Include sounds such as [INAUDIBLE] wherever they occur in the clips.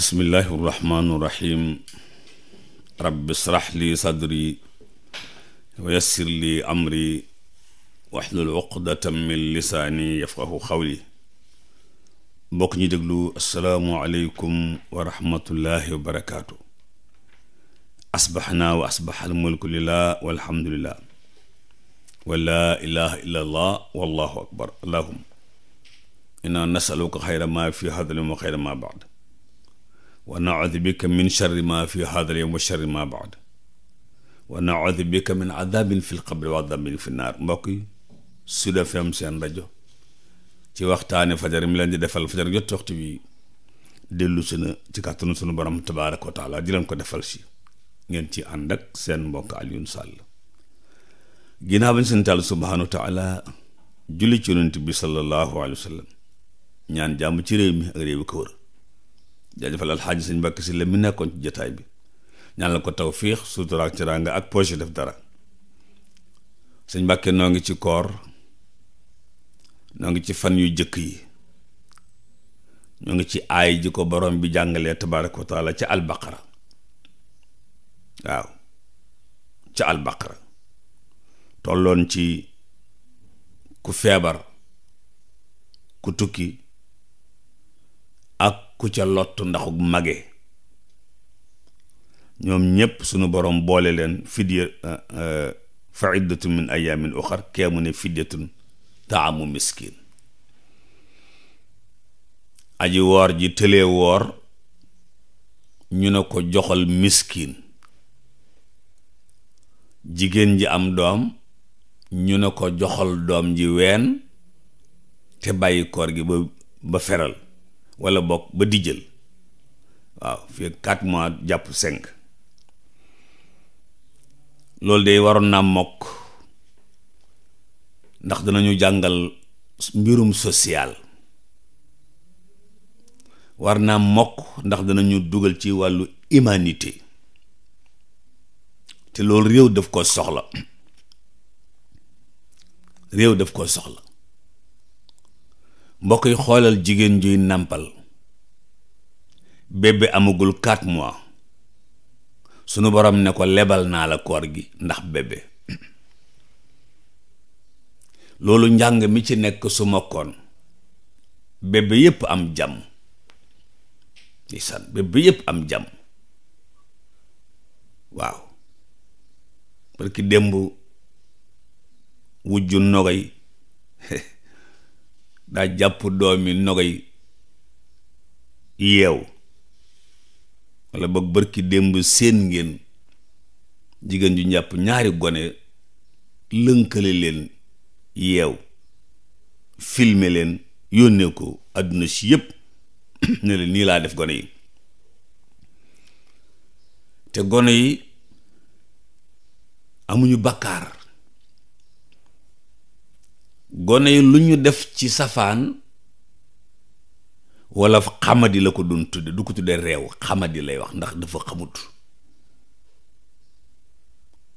bismillaahi rahmaani rahiim rabbi srax li sadri wa yassir li amri waxlul uqdatan min lisaani yafqahu xawli mbokk ñi déglu assalaamu aleykum wa rahmatullaahi wa barakaatu asbaxnaa wa asbaxal mulku lillaah walhamdulillaah wa laa ilaaha illallaah wallaahu akbar allahumma innaa nasaluka xayra maa fii hadal yawm wa xayra maa ba'd wa naudu bika min charri ma fi haadal yowm wa charri ma baad wa naudu bika min adabin fi lqabri wa adabin fi naar mbokk yi Sud FM seen rajo ci waxtaane fajar mi leen di defal fajar jot waxtu bi dellu si na ci kàttanu sunu borom tabaaraka wa taala di leen ko defal si ngeen ci ànd ak seen mbokk Alioune Sall ginnaaw bañ seen tàll subhaanahu wa taala julli ci yonent bi sallallahu alayhi wa sallam ñaan jàmm ci réew mi ak réew yi ko wër jaajëfal sëñ Mbàkke si la mi nekkoon ci jataay bi ñaan la ko tawfiix ak teraanga def dara sëñ noo ngi ci koor noo ngi ci fan yu jëkk yi ñoo ngi ci aay ji ko borom bi jàngalee tabaaraka wa taala ca albaqara waaw ca albaqara tolloon ci ku feebar ku tukki ak ku ca lottu ndaxu mage ñoom ñépp sunu borom boole leen fidya euh, euh, fa iddatun min ayaamin uxar kee mu ne fidyatun taamu miskin aji woor ji tëlee woor ñu ne ko joxal miskin jigéen ji am doom ñu ne ko joxal doom ji ween te bàyyi koor gi ba ba feral wala bokk ba di jël waaw fii quatre mois jàpp cinq loolu de waroon naa mokk ndax danañu jàngal mbirum social war naa mokk ndax danañu dugal ci wàllu humanité te loolu réew daf ko soxla réew daf ko soxla mbokk yi xoolal jigéen juy nàmpal bébé amagul quatre mois sunu borom ne ko lebal naa la koor gi ndax bébé loolu njàng mi ci nekk su mokkoon bébé yépp am jàmm ndeysaan bébé yépp am jàmm waaw parce que démb wujju nogay [LAUGHS] daa jàpp doomi nogay yeew wala boog bërki démb seen ngeen jigéen ju njàpp ñaari gone lënkale leen yeew filmer leen yónnee ko àdduna si yëpp [CLEARS THROAT] ne leen nii laa def gone yi te gone yi amuñu bakkaar gone yi lu ñu def ci safaan walla xamadi la ko doon tudd du ko tudde réew xamadi lay wax ndax dafa xamut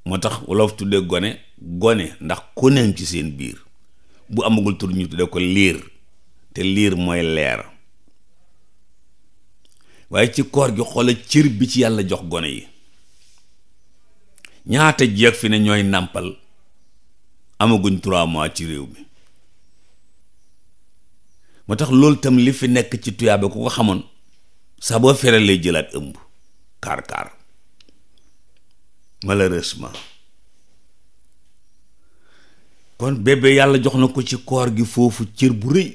moo tax wolof tudde gone gone ndax ku neen ci seen biir bu amagul tur ñu tudde ko liir te liir mooy leer waaye ci koor gi xoola cër bi ci yàlla jox gone yi ñaata jeeg fi ne ñooy nàmpal amaguñ trois mois ci réew mi moo tax loolu tam li fi nekk ci tuyaaba ku ko xamoon saa boo fere lay jëlaat ëmb kaar kaar malheureusement kon bébé yàlla jox na ko ci koor gi foofu cër bu rëy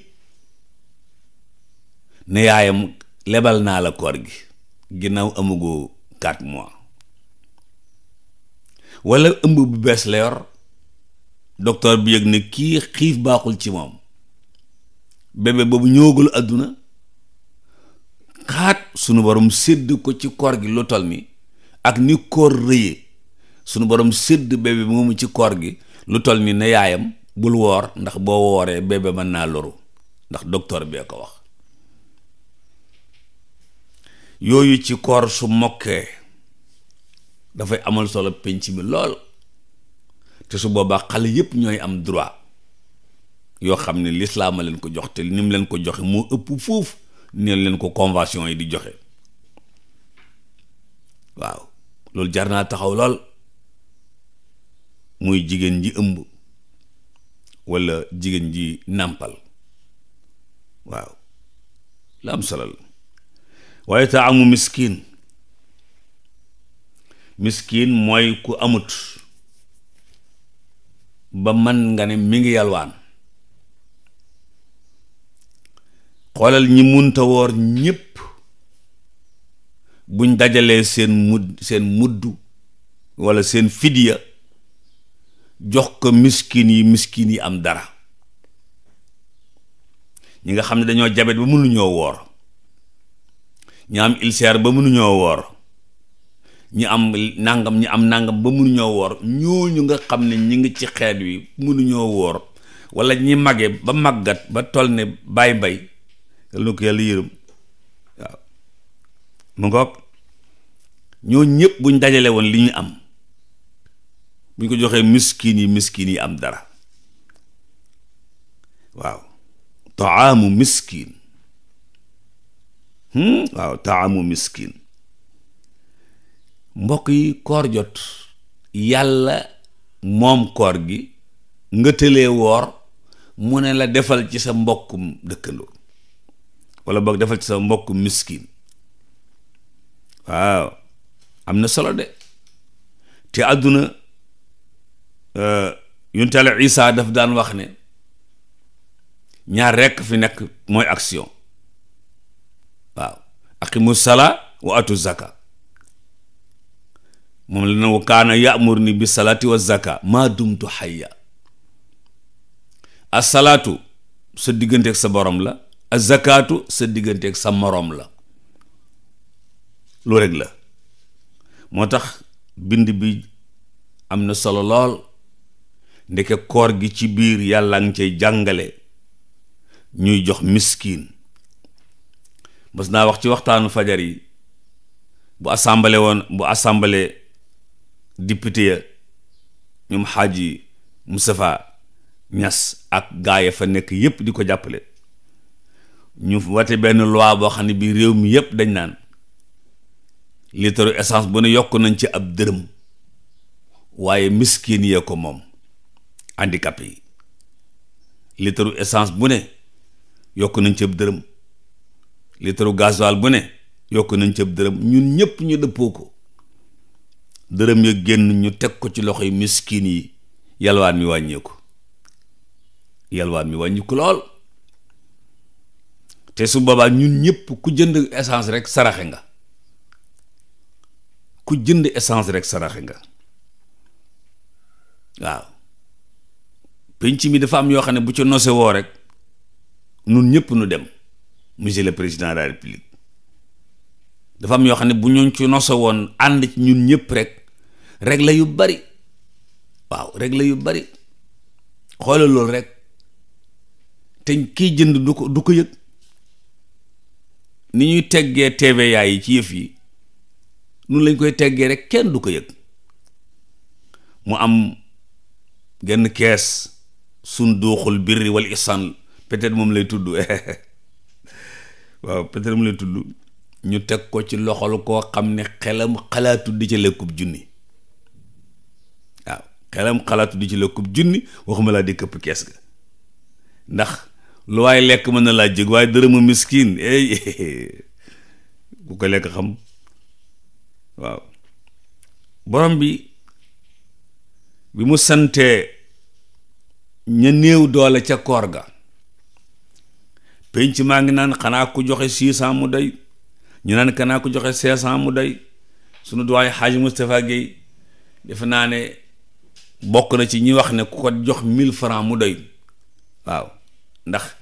ne yaayam lebal naa la koor gi ginnaaw amagoo quatre mois wala ëmb bu bees la yor docteur bi yëg ne kii xiif baaxul ci moom bébé boobu ñëwagul àdduna xaat sunu borom sédd ko ci koor gi lu tol mi ak ni koor rëyee sunu borom sédd bi moomu ci koor gi lu tol mi ne yaayam bul woor ndax boo wooree bébé mën naa loru ndax docteur bee ko wax yooyu ci koor su mokkee dafay amal solo penc mi lool te su boobaa xale yépp ñooy am droit yoo xam ne lislaama leen ko jox te ni mu leen ko joxe moo ëpp foofu ne leen ko convention yi di joxe waaw loolu jar naa taxaw lool muy jigéen ji ëmb walla jigéen ji nàmpal waaw lu am solo la waaye taamu miskin miskin mooy ku amut ba mën nga ne mi ngi yalwaan xoolal ñi munta woor ñépp buñ dajalee seen mudd seen mudd walla seen fidya jox ko miskin yi miskin yi am dara ñi nga xam ne dañoo jabet ba mënuñoo woor ña am ulcère ba mënuñoo woor ñi am nangam ñi am nangam ba mënuñoo woor ñooñu nga xam ne ñi ngi ci xeet wi mënuñoo woor walla ñi mage ba màggat ba toll ne bay bay yal na ko yàlla yërëm waaw mu ngoog ñoo ñëpp buñ dajale woon li ñu am buñ ko joxee miskin yi miskin yi am dara waaw taamu miskin hmm? waaw taamu miskin mbokk yi koor jot yàlla moom koor gi nga tële woor mu ne la defal ci sa mbokkum dëkkandoo wala boog defal ci sa mbokk miskin waaw am na solo de te àdduna euh, yuntale Isa daf daan wax ne ñaar rekk fi nekk mooy action waaw aqimu sala wa atu zaka moom la ne wa kaana yamur ni bi salaati wa zaka maa dumtu xayya asalaatu sa digganteeg sa borom la azakaatu sa digganteeg sa morom la lu rek la moo tax bind bi am na solo lool ndeke koor gi ci biir yàlla ngi cay jàngale ñuy jox miskin mës naa wax ci waxtaanu fajar yi bu assemblée woon bu assemblée député ya ñoom xaaji Moustapha Niass ak gaaya fa nekk yépp di ko jàppale ñu wate benn loi boo xam ne bi réew mi yépp dañ naan litre essence bu ne yokk nañ ci ab dërëm waaye miskin ko moom handicapé yi litre essence bu ne yokk nañ ci ab dërëm litre gasoil bu ne yokk nañ ci ab dërëm ñun ñépp ñu dëppoo ko dërëm ya génn ñu teg ko ci loxo yi miskin yi yalwaan mi wàññeeku yalwaan mi wàññeeku lool te su boobaa ñun ñëpp ku jënd essence rek saraxe nga ku jënd essence rek saraxe nga waaw pinc mi dafa am yoo xam ne bu ci nose woo rek nun ñëpp nu dem monsieur le président de dafa am yoo xam ne bu ñun ci noso woon ànd ci ñun ñëpp rek rek la yu bari waaw rek la yu bari xoolal loolu rek te kiy jënd du ko du ko yëg ni ñuy teggee yaay yi ci yëf yi nun lañ koy teggee rek kenn du ko yëg mu am genn kees sunduuxul birri wal ihsan peut-être moom lay tudd [LAUGHS] waaw peut-être moom lay tudd ñu teg ko ci loxol koo xam ne xelam xalaatu di ci lekkub junni waaw xalaatu di ci lekkub junni waxuma laa di këpp kees ga ndax lu waaye lekk mën na laa jóg waaye dërëmu miskin ey eh, bu ko lekk xam waaw borom bi bi mu santee ña néew doole ca koor ga ci maa ngi naan xanaa ku joxe six cent mu day ñu naan ka naa ko joxe cinq cent mu doy sunu doyen Hadji Moustapha Guèye defe naa ne bokk na ci ñi wax ne ku ko jox mille francs mu day waaw ndax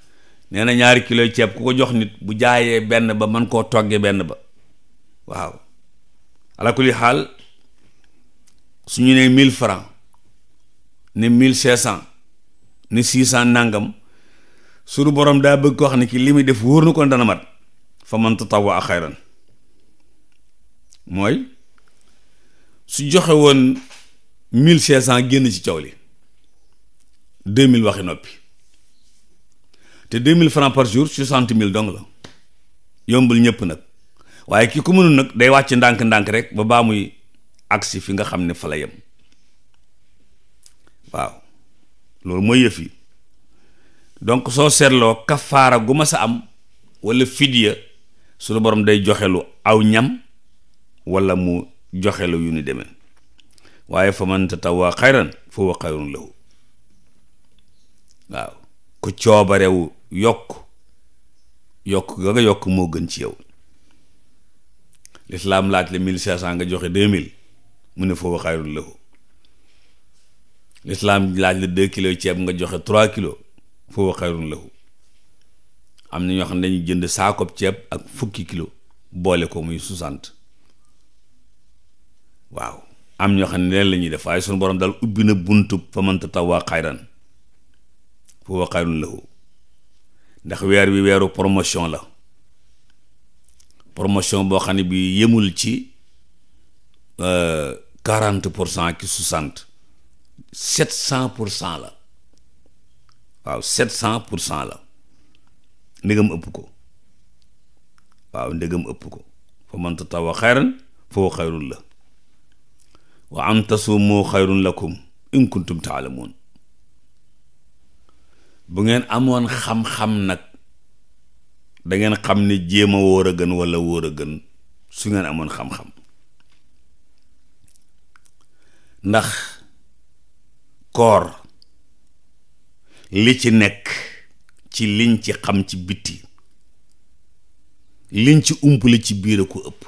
nee na ñaari kilo ceeb ku ko jox nit bu jaayee benn ba man koo toggee benn ba waaw ala kulli xaal su ñu nee mille francs ne mille cinq cent ne six cent nangam sunu borom daa bëgg ko wax ne ki li muy def wóor na ko dana mat. fa man tatawwa xayran mooy su joxe woon mille cinq cent génn ci coow li deux mille waxi noppi te deux mille francs par jour soixante mille dong la yombul ñëpp nag waaye ki ku mënul nag day wàcc ndànk-ndànk rek ba baa muy agsi fi nga xam ne fa la yem waaw loolu mooy yëf yi donc soo seetloo kafaara gu ma sa am walla fidya suñu borom day joxelu aw ñam walla mu joxelu yu ni demee waaye fa man tatawaa xayran fa huwa xayrun lahu waaw ku coobarewu yokk yokk ga nga yokk moo gën ci yow lislaam laaj la mille cinq nga joxe deux mille mu ne fa huwa xayrun lislaam laaj la deux kilos ceeb nga joxe trois kilo fa huwa xayrun am na ñoo xam ne dañuy jënd saakob ceeb ak fukki kilo boole ko muy soixante waaw am ñoo xam ne leen la ñuy def waaye suñu borom dal ubbi na buntu fa man tatawwaa xayran fa huwa xayrun ndax weer wi weeru promotion la promotion boo xam ne bi yemul ci euh, quarante pour cent ki soixante sept cent pour cent la waaw sept cent pour cent la ndegam ëpp ko waaw ndegam ëpp ko fa man tatawa xayran fa huwa xayrun la wa an tasumu xayrun lakum in kuntum taalamuun bu ngeen amoon xam-xam nag da ngeen xam ni jéem a wóor a gën walla wóor a gën su ngeen amoon xam-xam ndax koor li ci nekk ci liñ ci xam ci bitti liñ ci umpale ci biir a ko ëpp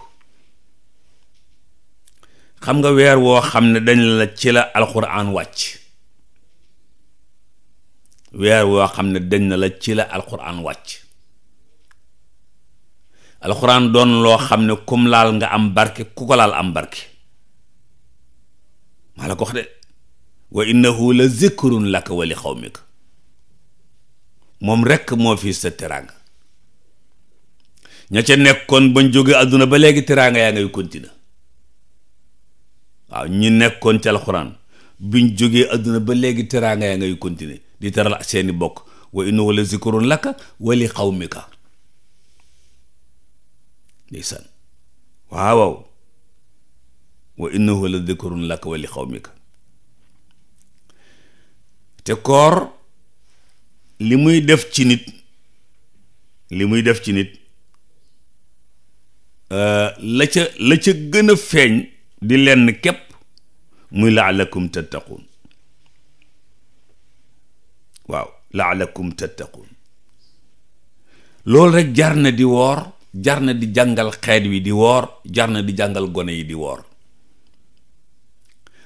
xam nga weer woo xam ne dañ la ci la wàcc weer woo xam ne dañ na la ci la alxuraan wàcc alxuraan doon loo xam ne kum laal nga am barke ku ko laal am barke maa la ko wax de wa innahu la zikrun laka wa li moom rekk moo fii sa teraanga ña ca nekkoon bañ jóge àdduna ba léegi teraanga yaa ngay continuer waaw ñi nekkoon ci alxuraan biñ jógee àdduna ba léegi teraanga yaa ngay continuer di teral seeni bokk wa innahu la zikrun laka wa li qawmika ndeysaan waaw waaw wa innahu te koor li muy def ci nit li muy def ci nit euh, la ca la ca gën a feeñ di lenn képp muy laalakum tattaquun waaw laalakum tattaquun loolu rek jar na di woor jar na di jàngal xeet wi di woor jar na di jàngal gone yi di woor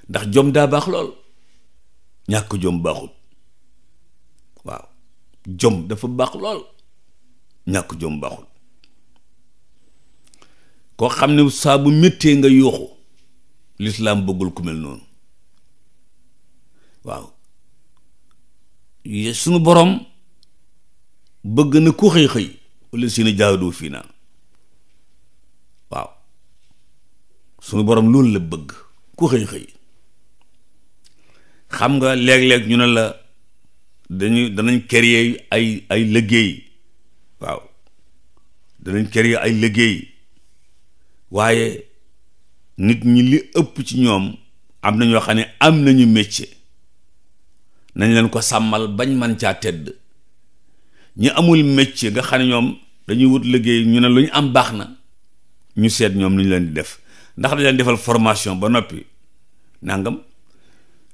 ndax jom daa baax lool ñàkk jom baaxut jom dafa baax lool ñàkk jom baaxul koo xam ne saabu bu nga yuuxu lislaam bëggul ku mel noonu waaw sunu boroom bëgg na ku xëy xëy wala sina jaadu fii naa waaw sunu borom loolu la bëgg ku xëy xëy xam nga léeg-léeg ñu ne la dañuy danañ créer ay ay liggéey waaw danañ yi ay liggéey waaye nit ñi li ëpp ci ñoom am na ñoo xam ne am nañu métier nañ leen ko sàmmal bañ man caa tedd ñi amul métier nga xam ñoom dañuy wut liggéey ñu ne lu ñu am baax na ñu seet ñoom nu ñu leen di def ndax dañ leen defal formation ba noppi nangam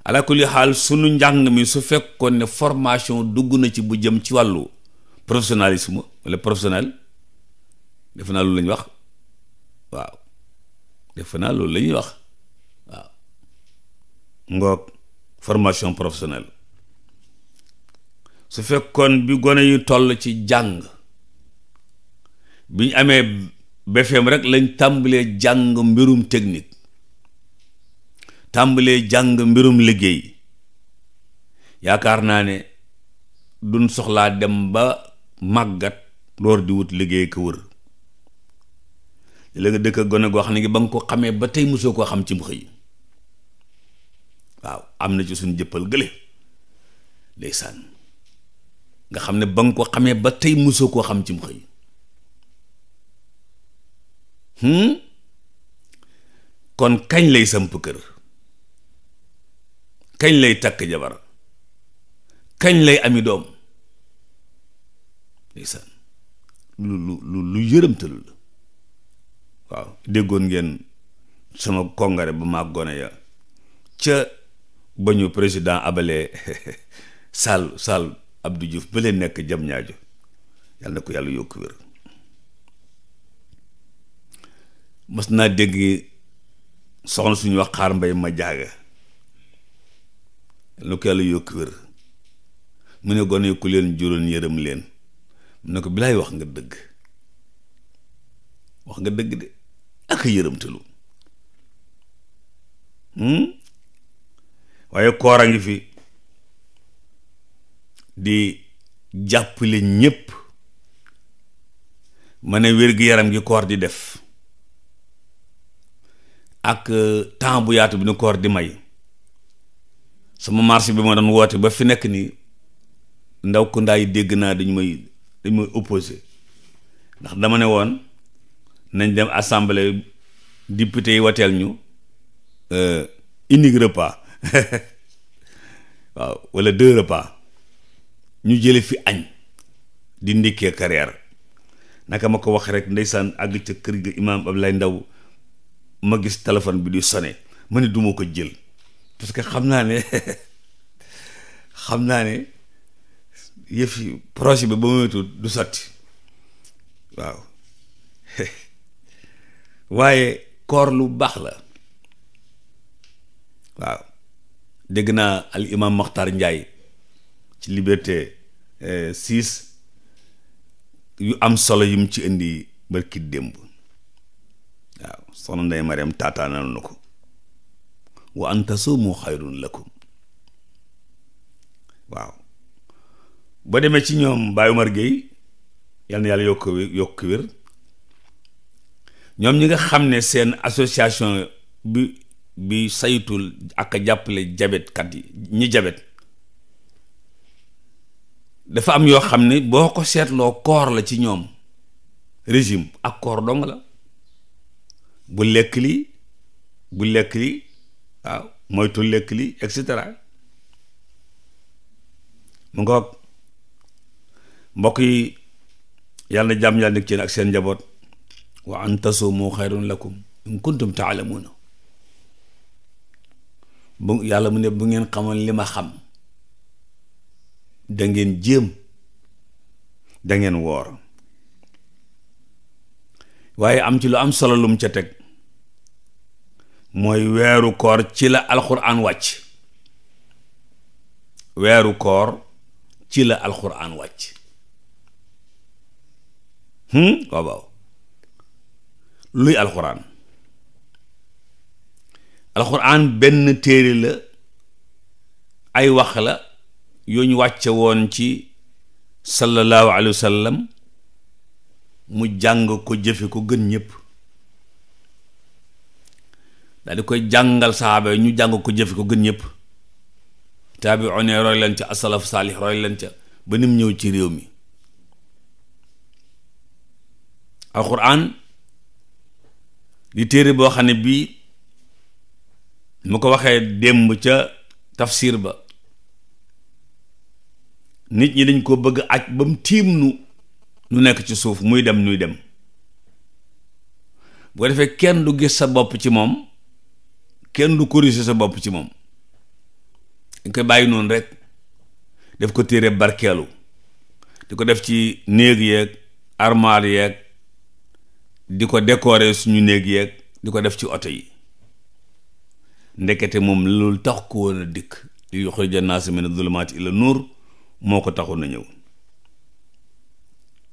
ala kulli xaal sunu njàng mi su fekkoon ne formation dugg na ci bu jëm ci wàllu professionnalisme wala professionnel defe naa loolu la wax waaw defe naa loolu la wax waaw ngoog formation professionnelle su fekkoon bi gone yu toll ci jàng bi ñu amee BFEM rek lañ tàmbalee jàng mbirum technique tàmbalee jàng mbirum liggéey yaakaar naa ne duñ soxlaa dem ba màggat door di wut liggéey ko wër la nga dëkk gone goo xam ne ngi ba nga ko xamee ba tey musoo koo xam ci mu xëy waaw am na ci suñu jëppal gële ndeysaan nga xam ne ba nga xamee ba tey mosoo koo xam ci mu hmm? kon kañ lay samp kër kañ lay takk jabar kañ lay ami doom lu lu lu yërëmtalu la waaw déggoon ngeen sama kongare ba maa gone ya ca bañu président abalee [LAUGHS] Sall Sall Abdou Diouf ba leen nekk jam ñaajo yàlla na ko yàlla yokk wér mas naa dégg soxna suñu wax xaar mbay ma jaaga lu ko yàlla yokk mu ne gone ku juróon yërëm leen mu ne ko lay wax nga dëgg wax nga dëgg de ak yërëmtalu hmm? waaye koor a ngi fi di jàppale ñépp ma ne wér-gi-yaram gi koor di def ak euh, temps bu yaatu bi nu koor di may sama marché bi ma doon woote ba fi nekk nii ndaw ko ndaay dégg naa dañu may dañu may opposé ndax dama ne woon nañ dem assemblée député yi wateel ñu euh, unique repas [LAUGHS] waaw wala deux repas ñu jële fi añ di ndikkee carrière naka ma ko wax rek ndeysaan àgg ca kër ga imaam lay Ndaw ma gis téléphone bi di sone ma ne du ma ko jël parce que xam naa ne xam naa ne yëf projet bi ba moytu du sotti waaw waaye koor lu baax la waaw dégg naa al imam Makhtar Ndiaye ci liberté euh, six yu am solo mu ci indi barki démb waaw soxna Ndeye Mariam la na ko wa an tasuumu xayrun lakum waaw boo demee ci ñoom Baye Umar Gueye yal na yàlla yokk yokk wér ñoom ñi nga xam ne seen association bi bi saytul ak a jàppale jabetkat yi ñi jabet dafa am yoo xam ne boo ko seetloo koor la ci ñoom régime ak koor dong la bu lekk lii bu lekk lii waaw moytu lekk li et cetera mu ngoog mbokk yi yàlla na jàmm yàlla nekk ak seen njaboot wa an tasuumu xayrun lakum in kuntum taalamuuna bu yàlla mu ne bu ngeen xamoon li ma xam da jéem da ngeen woor waaye am ci lu am solo lum ca teg mooy weeru koor ci la alxuraan wàcc weeru koor ci la alxuraan wàcc hmm waaw waaw luy alxuraan alxuraan benn téere la ay wax la yuñ wàcce woon ci sallallahu alayhi sallam mu jàng ko jëfe ko gën ñëpp daal di koy jàngal saxaaba yi ñu jàng ko jëfe ko gën ñépp taabi'un roy leen ca asalaf saalih roy ca ba ñëw ci réew mi alxuraan di téere boo xam ne bii mu ko waxee démb ca tafsir ba nit ñi dañ ko bëgg aj ba mu tiim nu nu nekk ci suuf muy dem nuy dem bu ko defee kenn du gis sa bopp ci moom kenn du corriger sa bopp ci moom dañ koy bàyyi noonu rek def ko téere barkeelu di ko def ci néeg yeeg armoire yeeg di ko décorer suñu néeg yeeg di ko def ci oto yi ndekete moom loolu tax ko woon a dikk li yuxrija naasa mina zulumaati ila nuur moo ko taxoon na ñëw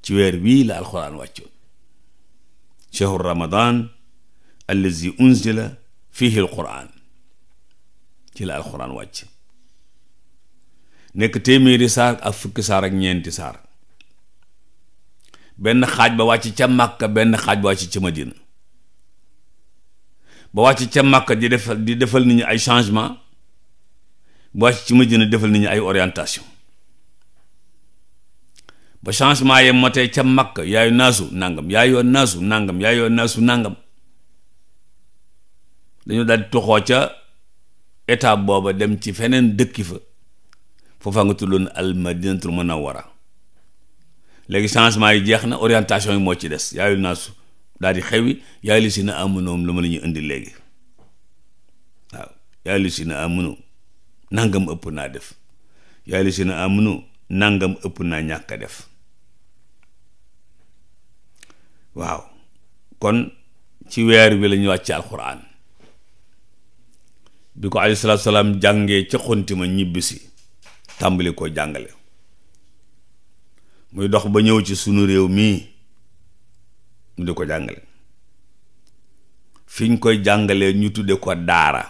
ci weer wii la alxuraan wàccoon shahru ramadan allazi unzila fiihi alquran ci la alquran wàcc nekk téeméeri saar ak fukki saar ak ñeenti saar benn xaaj ba wàcc ca màkka benn xaaj ba wàcc ca madina ba wàcc ca màkka di defal di defal nit ñi ay changement ba wàcc ci madina defal nit ñi ay orientation ba changement ye motee ca makk yaayu naasu nangam yaayoo naasu nangam yaayoo naasu nangam dañoo daal di tuxoo ca état booba dem ci feneen dëkki fa foofaa nga tuddoon al madinatul munawwara léegi changement yi jeex na orientation yi moo ci des naa naasu daal di xewi yaayu si na amunoom lu ma la ñu indi léegi waaw yaayu li si nangam ëpp naa def yaayu li si na amunu nangam ëpp naa ñàkk def waaw kon ci weer bi lañuy ñu wàcc alxuraan bi ko aleyhi salaam jàngee ca xonti ma ñibbisi tàmbali ko jàngale muy dox ba ñëw ci sunu réew mii mu di ko jàngale fi ñu koy jàngalee ñu tudde ko daara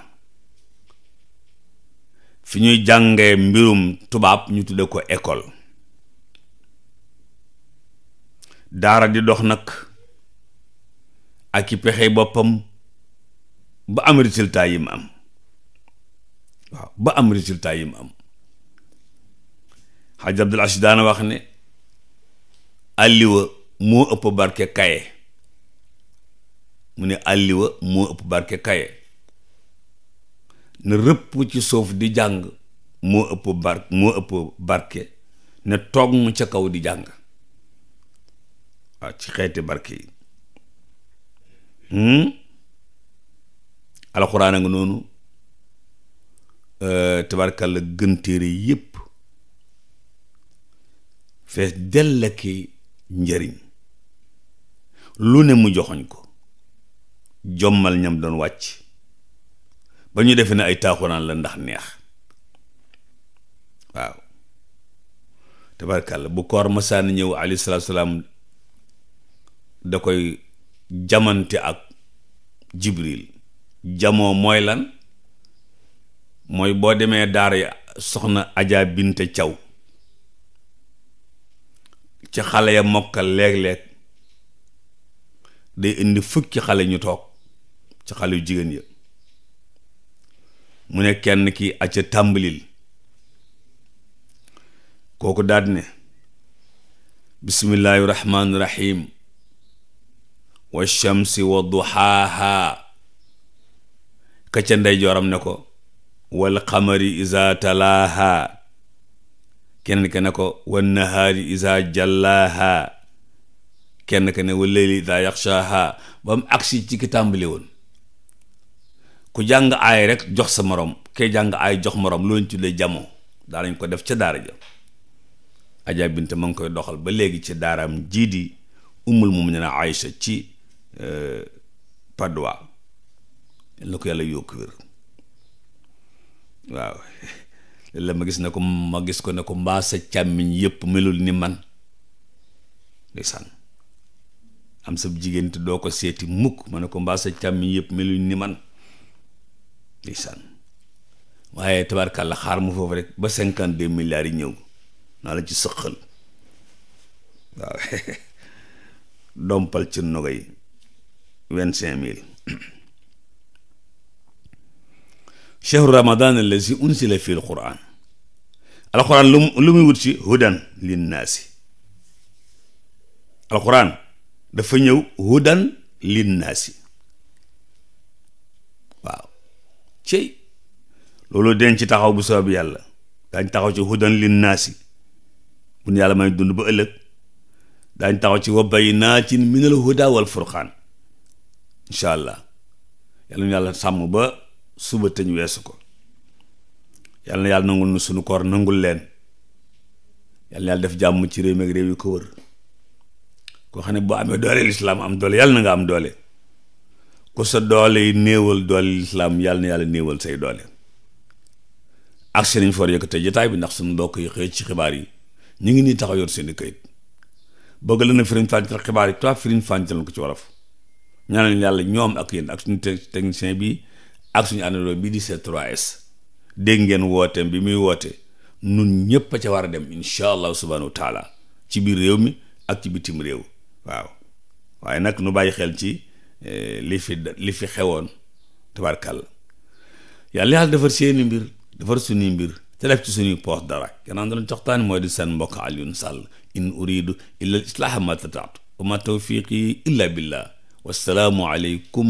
fi ñuy jàngee mbirum tubaab ñu tudde ko école daara di dox nag ak i pexe boppam ba am résultat yi mu am waaw ba am résultat yi mu am xaj Abdul Aziz daana wax ne àlliwa moo ëpp barke kaye mu ne àlliwa moo ëpp barke kaye ne rëpp ci suuf di jàng moo ëpp bar moo ëpp barke ne toog ca kaw di jàng waaw ci xeeti barke yi hmm? alxuraan a nga noonu Euh, tabarkàlla gën téere yépp fees dell ak njëriñ lu ne mu joxoñ ko jommal ñam doon wàcc ba ñu defe na ay taaxuraan la ndax neex waaw tabarkàlla bu koor masaan ñëw alayhi salaam da koy jamante ak jibril jamoo mooy lan mooy boo demee daara soxna Adja Binte caw ci xale ya mokkal léeg-léeg day indi fukki xale ñu toog ci xale yu jigéen ya mu ne kenn ki acca tàmbalil kooku daal ne bismillaahi rahmaani rahiim wa shamsi wa duhaaha ka ca ndeyjooram ne ko wal qamari izaa talaahaa kenn ka ne ko wan nahaari izaa jallaahaa kenn ka ne wal layli izaa yaxshaahaa ba ci ki tàmbali woon ku jàng aay rek jox sa morom kee jàng aay jox morom loolu ci tuddee jamoo daanañ ko def ca daara ja Ajaa Binta ma ngi koy doxal ba léegi ci daaraam jii di ummul mu'miniina ci euh, Padoa la ko yàlla yokk wér waaw la ma gis na ko ma gis ko ne ko mbaa sa càmmiñ yëpp melul ni man ndeysaan am sa jigéen te doo ko seeti mukk ma ne ko mbaa sa càmmiñ yëpp melul ni man ndeysaan waaye tabarkàlla xaar mu foofu rek ba cinquante deux milliards yi ñëw naa la ci sëqal waaw [LAUGHS] dompal ci nogo yi [CLEARS THROAT] chahru ramadan allazi unsila fi l quran alquran lu lu muy wut si hudan linnaasi alquran dafa ñëw hudan linnaasi waaw cey loolu den taxaw bu sabab yàlla daañ taxaw ci hudan linnaasi bu nu yàlla may dund ba ëllëg daañ taxaw ci wa baynaatin min al huda wal furqaan incha allah yàlla ñu yàlla sàmm ba suba tëñ weesu ko yal na yàlla nangul nu sunu koor nangul leen yal na yàlla def jàmm ci réew mi ak réew yi ko koo xam ne boo amee doole lislaam am doole yàlla na nga am doole ku sa doole yi néewal doole lislaam yàlla na yàlla néewal say doole ak seen for yëkkate jotaay bi ndax sunu mbokk yi xëy ci xibaar yi ñu ngi nii taxaw yor seen i këyit bëgg la na firiñ fàncal xibaar yi toi firiñ fàncal ko ci wolof ñaanal yàlla ñoom ak yenn ak suñu technicien bii ak suñu àndandoo bi di c 3 dégg ngeen wooteem bi muy woote nun ñëpp a ca war a dem incha allah subhanahu wa ci biir réew mi ak ci bitim réew waaw waaye nag nu bàyyi xel ci eh, li fi li fi xewoon tabarkàlla yàlla yàlla defar seeni mbir defar suñuy mbir te def ci suñuy poos dara kenaan doon coxtaan mooy di seen mbokk Alioune Sall in uridu illa al islaaha ma tataatu wa illa billah wassalaamu aleykum